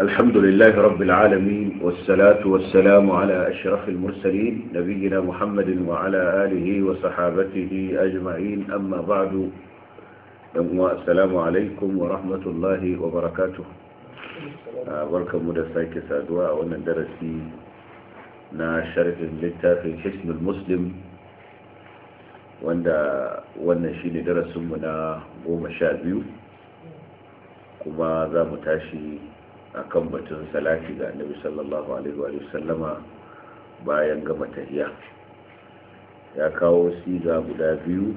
الحمد لله رب العالمين والصلاة والسلام على أشرف المرسلين نبينا محمد وعلى آله وصحابته أجمعين أما بعد السلام عليكم ورحمة الله وبركاته بركم مدسايك سادواء وندرسي ناشرة للتافي حسن المسلم wanda wannan shi ne darasinmu na goma sha biyu kuma za mu tashi akan batun salati ga annabi sallallahu alaihi wa sallama bayan gama tahiya ya kawo siga guda biyu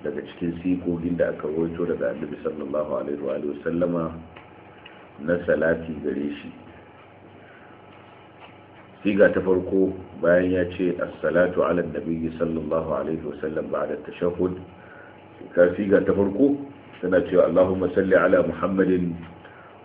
daga cikin sigogin da aka rawaito daga annabi sallallahu alaihi wa sallama na salati gare shi siga ta farko bayan ya ce assalatu ala nabiyyi sallallahu alaihi wasallam ba'da tashahhud ka siga ta farko tana cewa Allahumma salli ala Muhammadin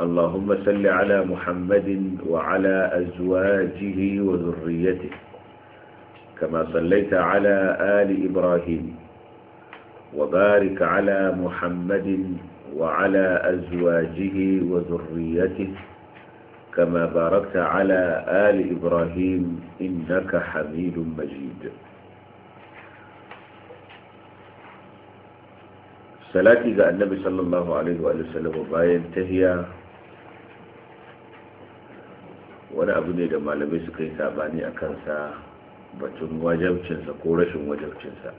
اللهم صل على محمد وعلى أزواجه وذريته كما صليت على آل إبراهيم وبارك على محمد وعلى أزواجه وذريته كما باركت على آل إبراهيم إنك حميد مجيد salati النبي صلى الله عليه وآله وسلم bayan tahiya wani abu ne da malamai suka yi sabani a kansa batun wajabcinsa ko rashin wajabcinsa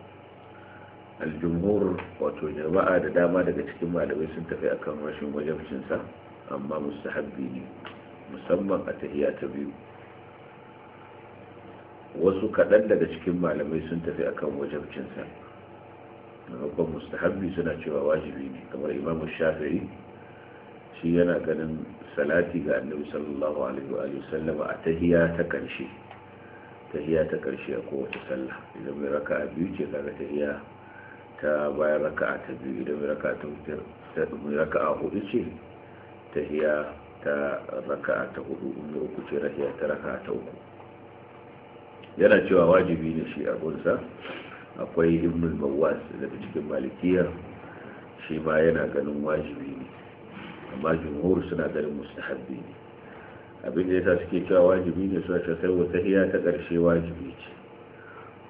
aljumhur wato jama'a da dama daga cikin malamai sun tafi akan rashin wajabcinsa amma mustahabbi ne musamman a tahiya ta biyu wasu kaɗan daga cikin malamai sun tafi akan wajabcinsa maimakon mustahabbi suna cewa wajibi ne kamar imamu shafi'i shi yana ganin salati ga annabi sallallahu alaihi wa sallama a tahiya ta karshe tahiya ta karshe a kowace sallah idan mai raka'a biyu ce kaga tahiya ta bayan raka'a ta biyu idan mai raka'a ta raka'a hudu ce tahiya ta raka'a ta hudu inda uku ce rahiya ta raka'a ta uku yana cewa wajibi ne shi abunsa akwai ibnul mawas daga cikin malikiyar shi ma yana ganin wajibi ne amma jumhur suna ganin mustahabbi ne abin da yasa suke cewa wajibi ne suna cewa sai wata hiya ta ƙarshe wajibi ce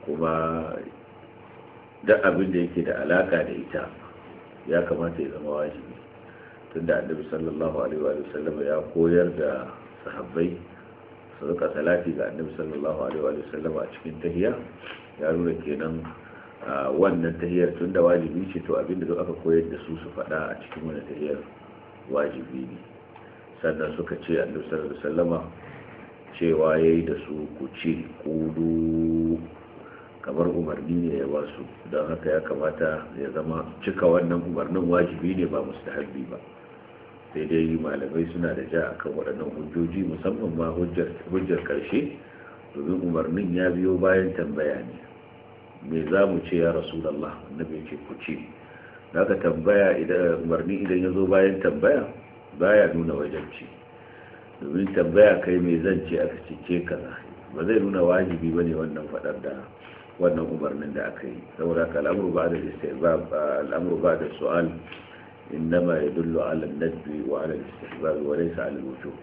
kuma duk abin da yake da alaka da ita ya kamata ya zama wajibi tunda annabi sallallahu alaihi wa sallam ya koyar da sahabbai su rika salati ga annabi sallallahu alaihi wa sallam a cikin tahiya ya nuna kenan wannan tahiyar tunda wajibi ce to abin da aka koyar da su su faɗa a cikin wannan tahiyar wajibi ne sannan suka ce a sallallahu da wasallama cewa yi da su ku ce kudu kamar umarni ne ya ba su don haka ya kamata ya zama cika wannan umarnin wajibi ne ba musu halbi ba sai dai malamai suna da ja akan waɗannan hujjoji musamman ma hujjar karshe domin umarnin ya biyo bayan tambaya ne me za mu ce ya rasu rasulallah annabi ce ku ce daga tambaya idan umarni idan ya zo bayan tambaya baya nuna wajenci domin tambaya kai mai zance aka cike kaza ba zai nuna wajibi ba ne wannan fadar da wannan umarnin da aka yi saboda ka al'amuru ba da istihbab al'amru ba da su'al innama ya dullo Alam nadbi wa alam al-istihbab wa laysa ala al-wujub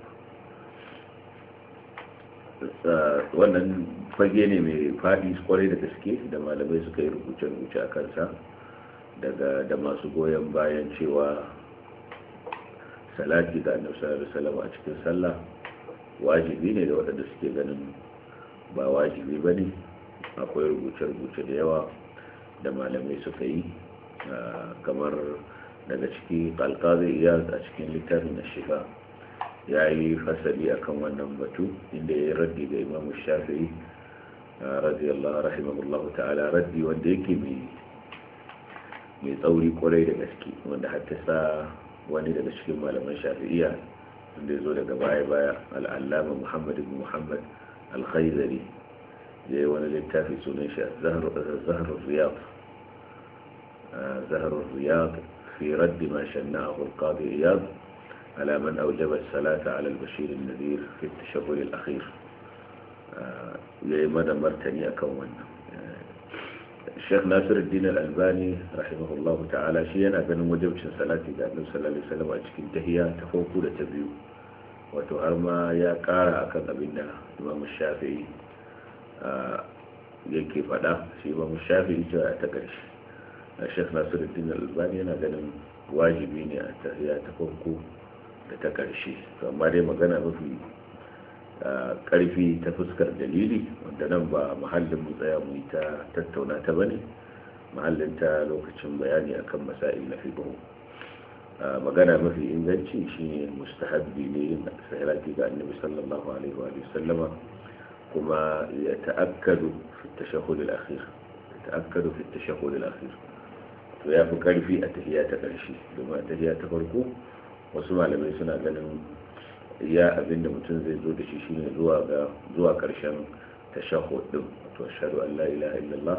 wannan fage ne mai faɗi kwarai da gaske da malamai suka yi rubuce-rubuce a kansa daga da masu goyon bayan cewa salati ga annabi sallallahu a cikin sallah wajibi ne da waɗanda suke ganin ba wajibi ba ne akwai rubuce-rubuce da yawa da malamai suka yi kamar daga ciki kalkazin iya a cikin littafin na shifa ya yi fasali a kan wannan batu inda ya yi raddi ga imamu shafi'i radiyallahu rahimahullahu ta'ala raddi wanda yake mai mai tsauri kwarai da gaske wanda hatta sa wani daga cikin malaman shafi'iya wanda ya zo daga baya-baya al'allama muhammad ibn muhammad al-khaizari ya yi wani littafi sunan shi zaharar riyad zaharar riyad fi raddi ma shanna a hulƙaɗe riyad على من أوجب الصلاة على البشير النذير في التشهد الأخير يا مدى مرتني أكون Sheikh Nasiruddin Al-Albani rahimahullahu ta'ala shi yana ganin wajibcin salati da Annabi sallallahu alaihi wasallam a cikin tahiyya ta farko da ta biyu wato har ma ya kara akan abin da Imam Shafi'i yake faɗa shi Imam Shafi'i cewa ta karshe. Sheikh Nasiruddin Al-Albani yana ganin wajibi ne a tahiyya ta farko da ta ƙarshe amma dai magana mafi karfi ta fuskar dalili da nan ba mahallin mu tsaya mu ta tattauna ta bane Muhallin ta lokacin bayani akan masail na fiqh magana mafi inganci shine mustahabbi ne yin sahirati ga annabi sallallahu alaihi wa sallama kuma ya ta'akkadu fi tashahhud al-akhir ta'akkadu fi tashahhud al-akhir to ya fi karfi a tahiya ta karshe domin tahiya ta farko wasu malamai suna ganin ya abinda mutum zai zo da shi shine zuwa ga zuwa karshen tashahud din wato ashhadu an la ilaha illallah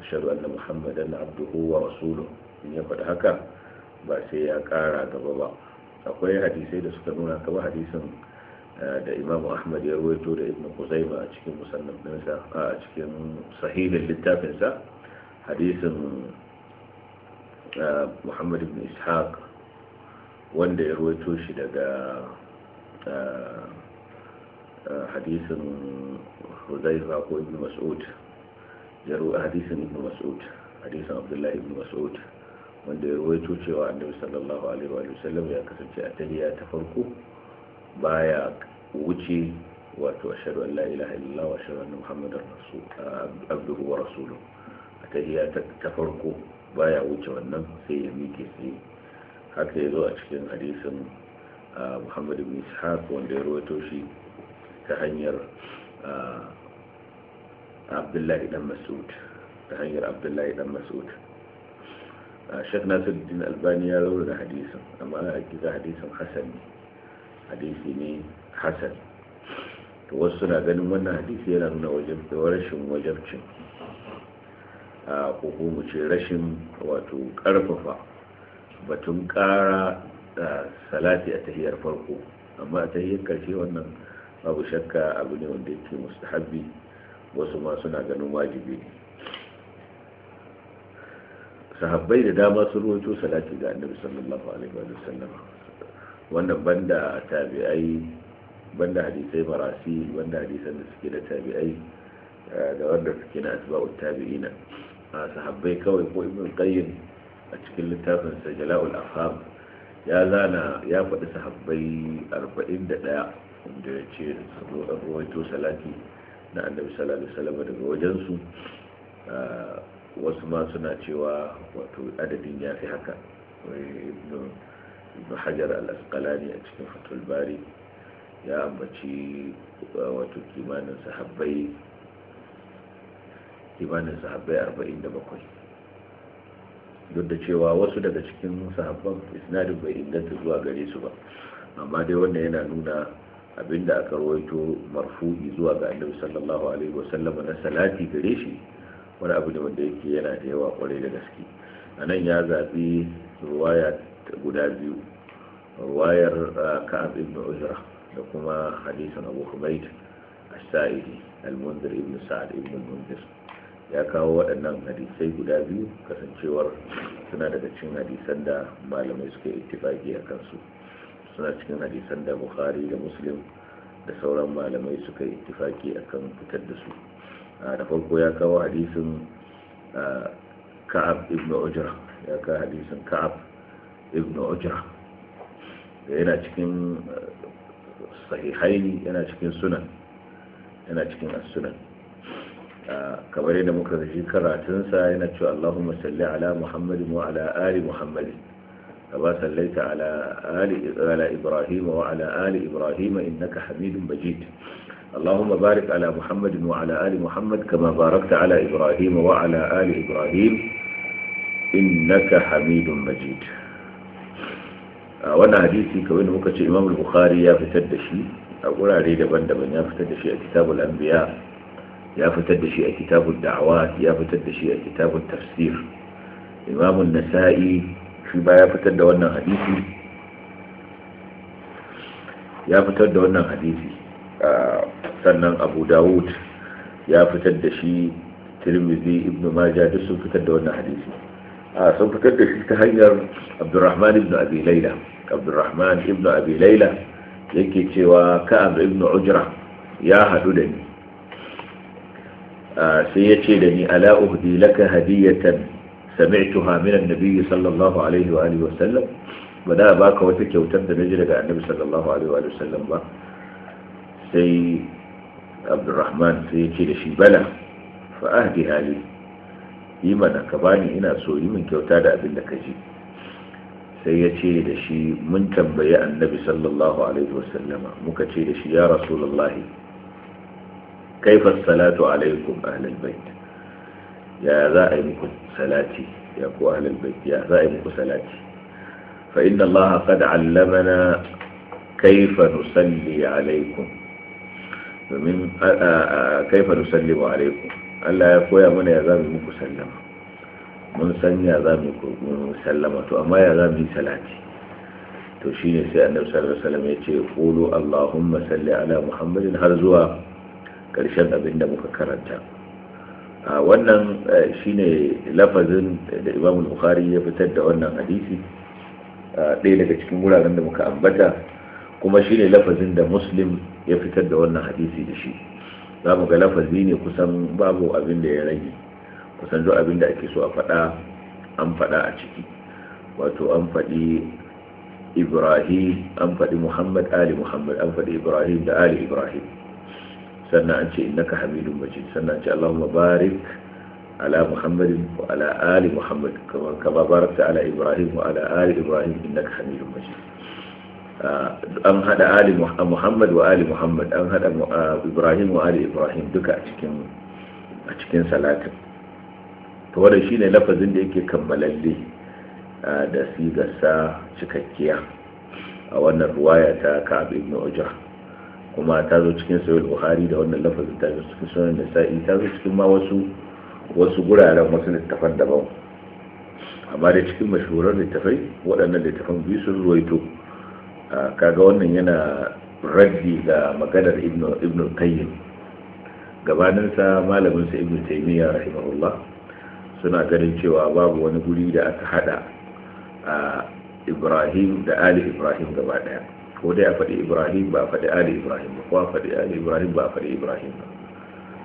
ashhadu anna muhammadan abduhu wa rasuluhu in ya faɗi haka ba sai ya ƙara gaba ba akwai hadisai da suka nuna kaba hadisin da imamu ahmad ya ruwaito da ibn kuzaima a cikin musannaf a cikin sahihin littafinsa hadisin muhammad ibn ishaq wanda ya ruwaito shi daga hadisin huzaifa ko ibn mas'ud jaru hadisin ibn mas'ud hadisin abdullahi ibn mas'ud wanda ya ruwaito cewa annabi sallallahu alaihi wa sallam ya kasance a tariya ta farko baya wuce wato ashhadu an la ilaha illallah wa ashhadu anna muhammadar rasul abduhu wa rasuluhu a tariya ta farko baya wuce wannan sai ya mike sai haka ya zo a cikin hadisin muhammad ibn ishaq wanda ya ruwaito shi ta hanyar ah, abdullahi dan masud ta hanyar abdullahi dan masud ah, shek nasiruddin albani ya raura da hadisin amma a gida hadisin hasan ne hadisi ne hasan to wasu suna ganin wannan hadisi yana nuna wajen rashin wajabcin a ah, hukumu ce rashin wato karfafa batun kara salati a tahiyar farko amma a tahiyar karshe wannan babu shakka abu ne wanda yake mustahabbi wasu ma suna ganin wajibi ne sahabbai da dama sun ruwaito salati ga annabi sallallahu alaihi wa sallam wannan banda tabi'ai banda hadisai marasi banda hadisan da suke da tabi'ai eh, da wanda suke na asba'ut tabi'ina a sahabbai kawai ko ibn qayyim a cikin littafin sa jala'ul afham ya zana ya faɗi sahabbai 41 da ya ce rawaito salati na annabi sallallahu alaihi wasallam daga wajensu wasu ma suna cewa wato adadin ya fi haka ibn hajar al-asqalani a cikin fatul bari ya ambaci wato kimanin sahabbai kimanin sahabbai bakwai. duk da cewa wasu daga cikin sahabban isnadin bai inganta zuwa gare su ba amma dai wannan yana nuna abinda aka rawaito marfu'i zuwa ga annabi sallallahu alaihi wasallam na salati gare shi wani abu ne wanda yake yana da yawa kwarai da gaske a nan ya zaɓi ruwaya guda biyu ruwayar ah, ka'ab ibn uzra da kuma hadisin abu humaid as-sa'idi al-munzir ibn sa'ad ibn munzir ya kawo waɗannan hadisai guda biyu kasancewar suna daga cikin hadisan da malamai suka yi ittifaqi a kansu suna cikin hadisan da bukhari da muslim da sauran malamai suka yi tufaki kan fitar da su da farko ya kawo hadisin ka'ab ibn ujra ya kawo hadisun ka'ab ibn ujra da yana cikin sahihaini yana cikin sunan yana cikin as-sunan kamar yadda muka ji karatunsa yana cewa Allahumma salli ala Muhammadin wa ala ali Muhammadin كما صليت على آل على إبراهيم وعلى آل إبراهيم إنك حميد مجيد اللهم بارك على محمد وعلى آل محمد كما باركت على إبراهيم وعلى آل إبراهيم إنك حميد مجيد آه، وانا حديثي كوين مكتش إمام البخاري يا فتدشي أقول أريد دبان دبان يا فتدشي كتاب الأنبياء يا فتدشي كتاب الدعوات يا فتدشي كتاب التفسير إمام النسائي shi ba ya fitar da wannan hadisi ya fitar da wannan hadisi sannan abu dawud ya fitar da shi tirmizi ibn majah duk sun fitar da wannan hadisi a sun fitar da shi ta hanyar abdurrahman ibn abi laila abdurrahman ibn abi laila yake cewa ka'ab ibn ujra ya hadu da ni sai ya ce da ni ala uhdi laka hadiyatan sami'tuha min annabi sallallahu alaihi wa alihi ba da baka wata kyautar da na ji daga annabi sallallahu alaihi wa sallam ba sai abdurrahman sai ya ce da shi bala fa ahdi hali yi mana ka bani ina soyu min kyauta da abin da ka ji sai ya ce da shi mun tambayi annabi sallallahu alaihi wasallama muka ce da shi ya rasulullahi kaifa salatu alaikum ahlal bait ya za a yi muku salati ya ku ahlul bait ya za a yi muku salati fa inna Allah qad allamana kayfa nusalli alaikum domin kaifa nusallimu alaikum Allah ya koya mana ya zamu muku sallama mun san ya mu muku sallama to amma ya mu yi salati to shine sai Annabi sallallahu alaihi wasallam ya ce qulu Allahumma salli ala Muhammadin har zuwa karshen abinda muka karanta wannan eh, shine lafazin da imam bukhari ya fitar da wannan hadisi ɗaya daga cikin wuraren da muka ambata kuma shine lafazin da muslim ya fitar da wannan hadisi da shi za mu ga lafazi ne kusan babu abin da ya rage kusan duk abin da ake so a faɗa an faɗa a ciki wato an faɗi ibrahim an faɗi muhammad ali muhammad an faɗi ibrahim da ali ibrahim sannan an ce innaka hamidun majid sannan an ce Allahumma barik ala Muhammadin wa ala ali Muhammad kamar kama barakta ala Ibrahim wa ala ali Ibrahim innaka hamidun majid ah, an hada ali Muhammad wa ali Muhammad an hada Ibrahim wa ali Ibrahim duka a cikin a cikin salatin to wannan shine lafazin da yake kammalalle ah, da sigarsa cikakkiya a wannan ruwaya ta Ka'ab ibn Ujrah kuma ta zo cikin sahih bukhari da wannan lafazin ta zo cikin sunan nasa'i ta zo cikin ma wasu wasu guraren wasu littafan daban amma da cikin mashahuran littafai waɗannan littafan biyu sun ruwaito kaga wannan yana raddi ga maganar ibn qayyim malamin sa ibn taimiyya rahimahullah suna ganin cewa babu wani guri da aka hada ibrahim da ali ibrahim gaba daya ko dai a faɗi ibrahim ba a faɗi ali ibrahim ba ko a faɗi ali ibrahim ba a faɗi ibrahim ba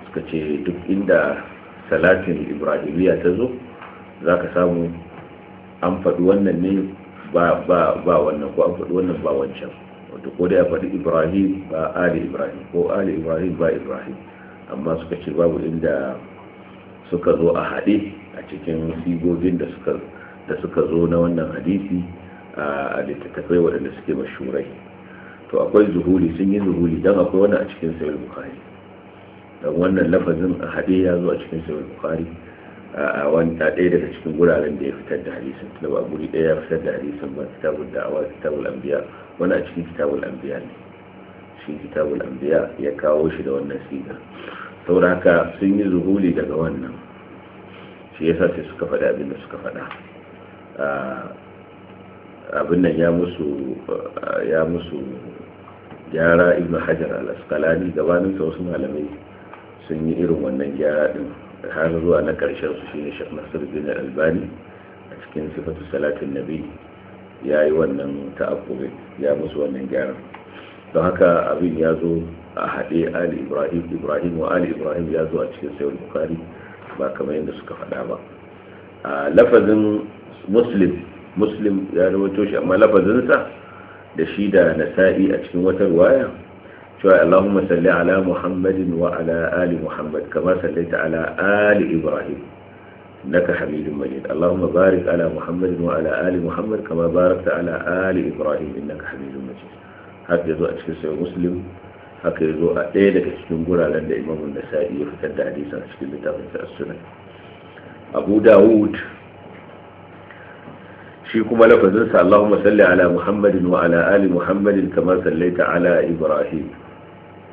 suka ce duk inda salatin ibrahimiyya ta zo za ka samu an faɗi wannan ne ba wannan ko an faɗi wannan ba wancan wato ko dai a faɗi ibrahim ba ali ibrahim ko ali ibrahim ba ibrahim amma suka ce babu inda suka zo a haɗe a cikin sigogin da suka da suka zo na wannan hadisi a littattafai waɗanda suke mashurai to akwai zuhuri, sun yi zuhuri don akwai wani a cikin sayar bukari don wannan lafazin a haɗe ya zo a cikin sayar bukari a wani ta ɗaya daga cikin guraren da ya fitar da hadisin da ba guri ɗaya ya fitar da hadisin ba kitabul da'awa kitabul anbiya wani a cikin kitabul anbiya ne shi kitabul anbiya ya kawo shi da wannan siga sauraka haka sun yi zuhuli daga wannan shi yasa sai suka faɗa abin da suka faɗa abin nan ya musu ya musu gyara ibn hajar al-asqalani gabanin sa wasu malamai sun yi irin wannan gyara din har zuwa na karshen su shine Sheikh Nasiruddin Albani a cikin sifatu salatin nabi ya yi wannan ta'akkube ya musu wannan gyara don haka abin ya zo a haɗe Ali Ibrahim Ibrahim wa Ali Ibrahim ya zo a cikin sayyid Bukhari ba kamar yadda suka faɗa ba a lafazin Muslim Muslim ya rawaito shi amma lafazinsa da shi da nasa'i a cikin wata ruwaya cewa Allahumma salli ala Muhammadin wa ala ali Muhammad kama sallaita ala ali Ibrahim naka Hamidum Majid Allahumma barik ala Muhammadin wa ala ali Muhammad kama barakta ala ali Ibrahim innaka Hamidum Majid haka yazo a cikin sahih Muslim haka yazo a ɗaya daga cikin guraren da Imam Nasa'i ya fitar da hadisin a cikin littafin sa Sunan Abu Dawud shi kuma lafazin sa Allahumma salli ala Muhammadin wa ala ali Muhammadin kama sallaita ala Ibrahim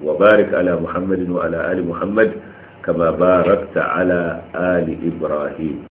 wa barik ala Muhammadin wa ala ali Muhammad kama barakta ala ali Ibrahim